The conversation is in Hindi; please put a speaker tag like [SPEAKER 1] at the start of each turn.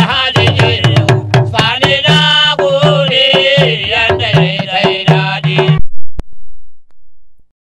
[SPEAKER 1] हरि जय